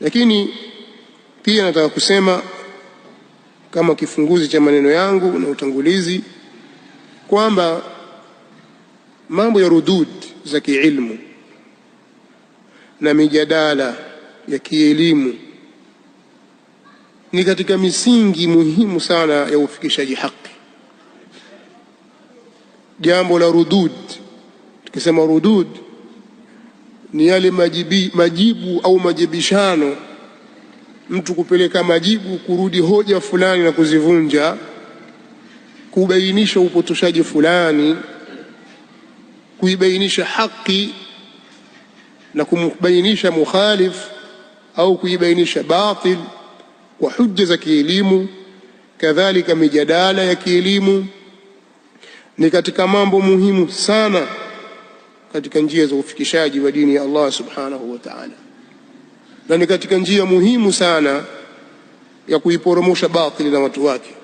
Lakini pia nataka kusema kama kifunguzi cha maneno yangu na utangulizi kwamba mambo ya rudud za kiilmu na mijadala ya kielimu ni katika misingi muhimu sana ya ufikishaji haki. Jambo la rudud, tukisema rudud ni yale majibi, majibu au majibishano, mtu kupeleka majibu kurudi hoja fulani na kuzivunja, kubainisha upotoshaji fulani, kuibainisha haki na kumbainisha mukhalif au kuibainisha batil kwa hujja za kielimu. Kadhalika mijadala ya kielimu ni katika mambo muhimu sana katika njia za ufikishaji wa dini ya Allah subhanahu wa ta'ala, na ni katika njia muhimu sana ya kuiporomosha batili na watu wake,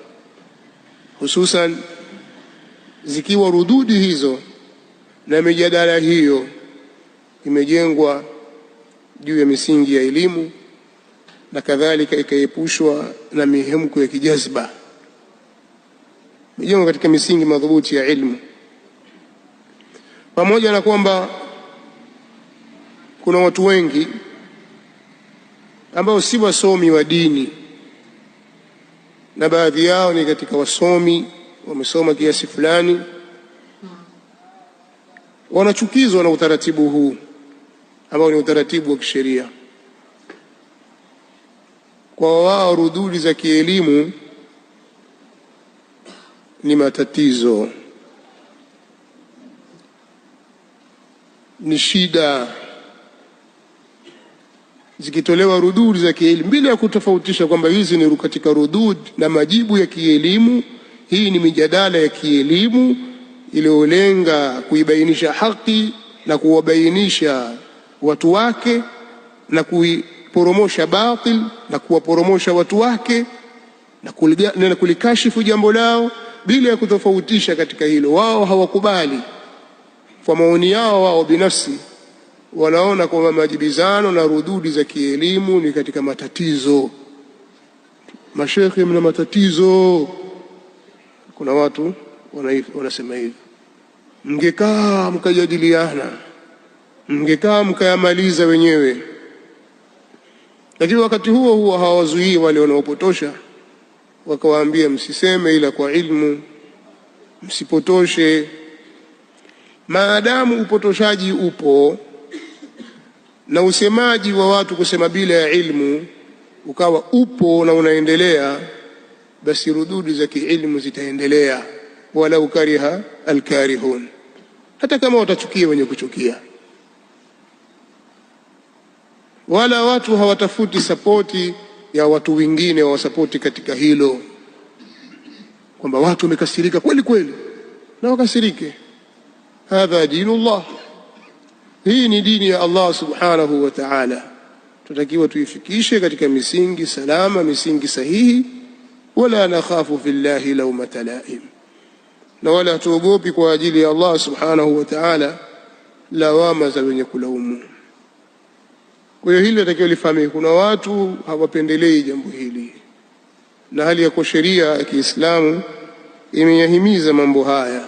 hususan zikiwa rududi hizo na mijadala hiyo imejengwa juu ya misingi ya elimu na kadhalika, ikaepushwa na mihemko ya kijazba, imejengwa katika misingi madhubuti ya ilmu. Pamoja na kwamba kuna watu wengi ambao si wasomi wa dini na baadhi yao ni katika wasomi wamesoma kiasi fulani, wanachukizwa na utaratibu huu ambao ni utaratibu wa kisheria. Kwa wao rududi za kielimu ni matatizo. ni shida zikitolewa rudud za kielimu bila ya kutofautisha kwamba hizi ni katika rudud na majibu ya kielimu. Hii ni mijadala ya kielimu iliyolenga kuibainisha haki na kuwabainisha watu wake na kuiporomosha batil na kuwaporomosha watu wake na kulikashifu jambo lao bila ya kutofautisha katika hilo. Wao hawakubali kwa maoni yao wao binafsi, wanaona kwamba majibizano na rududi za kielimu ni katika matatizo. Mashekhe, mna matatizo. Kuna watu wanasema hivi, mngekaa mkajadiliana, mngekaa mkayamaliza wenyewe. Lakini wakati huo huo hawazuii wale wanaopotosha, wakawaambia msiseme ila kwa ilmu, msipotoshe maadamu upotoshaji upo na usemaji wa watu kusema bila ya ilmu ukawa upo na unaendelea, basi rududi za kiilmu zitaendelea, walau kariha alkarihun, hata kama watachukia wenye kuchukia. Wala watu hawatafuti sapoti ya watu wengine wawasapoti katika hilo, kwamba watu wamekasirika kweli kweli, na wakasirike hadha dinullah, hii ni dini ya Allah subhanahu wa ta'ala. Tunatakiwa tuifikishe katika misingi salama, misingi sahihi. Wala nakhafu fillahi lawmata laim, na wala hatuogopi kwa ajili ya Allah subhanahu wa ta'ala lawama za wenye kulaumu. Kwa hiyo hili natakiwa lifahamike. Kuna watu hawapendelei jambo hili, na hali yako sheria ya Kiislamu imeyahimiza mambo haya,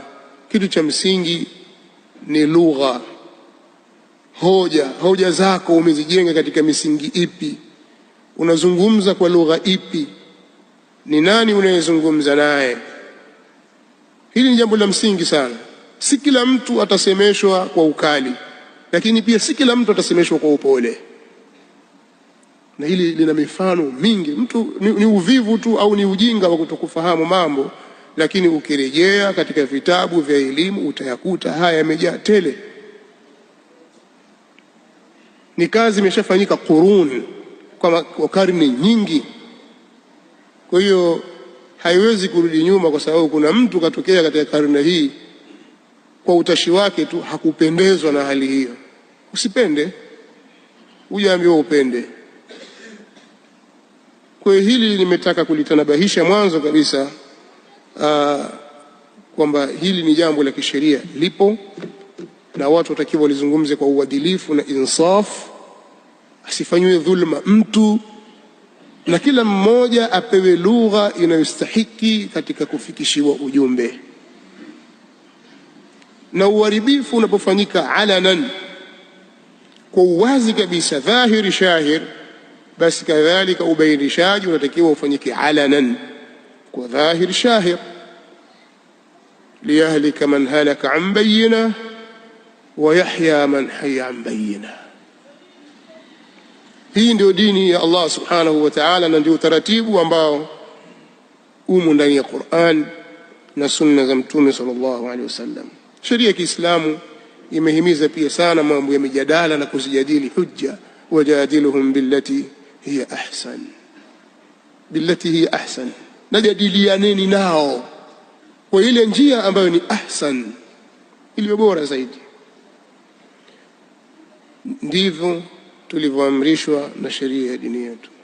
kitu cha msingi ni lugha. Hoja hoja zako umezijenga katika misingi ipi? Unazungumza kwa lugha ipi? Ni nani unayezungumza naye? Hili ni jambo la msingi sana. Si kila mtu atasemeshwa kwa ukali, lakini pia si kila mtu atasemeshwa kwa upole, na hili lina mifano mingi. Mtu ni, ni uvivu tu au ni ujinga wa kutokufahamu mambo lakini ukirejea katika vitabu vya elimu utayakuta haya yamejaa tele. Ni kazi imeshafanyika kuruni kwa karne nyingi, kwa hiyo haiwezi kurudi nyuma, kwa sababu kuna mtu katokea katika karne hii kwa utashi wake tu hakupendezwa na hali hiyo. Usipende, hujaambiwa upende. Kwa hiyo hili nimetaka kulitanabahisha mwanzo kabisa. Ah, kwamba hili ni jambo la kisheria lipo, na watu watakiwa walizungumze kwa uadilifu na insaf, asifanyiwe dhulma mtu, na kila mmoja apewe lugha inayostahiki katika kufikishiwa ujumbe. Na uharibifu unapofanyika alanan, kwa uwazi kabisa, dhahiri shahir, basi kadhalika ubainishaji unatakiwa ufanyike alanan. وظاهر شاهر ليهلك من هلك عن بينه ويحيى من حي عن بينه hii ndio dini ya allah subhanahu wa taala na ndio utaratibu ambao umo ndani ya quran na sunna za mtume sal llahu alehi wasallam sheria ya kiislamu imehimiza pia sana mambo ya mijadala na kuzijadili hujja wajadiluhum billati hiya ahsan billati hiya ahsan najadilianeni nao kwa ile njia ambayo ni ahsan, iliyo bora zaidi. Ndivyo tulivyoamrishwa na sheria ya dini yetu.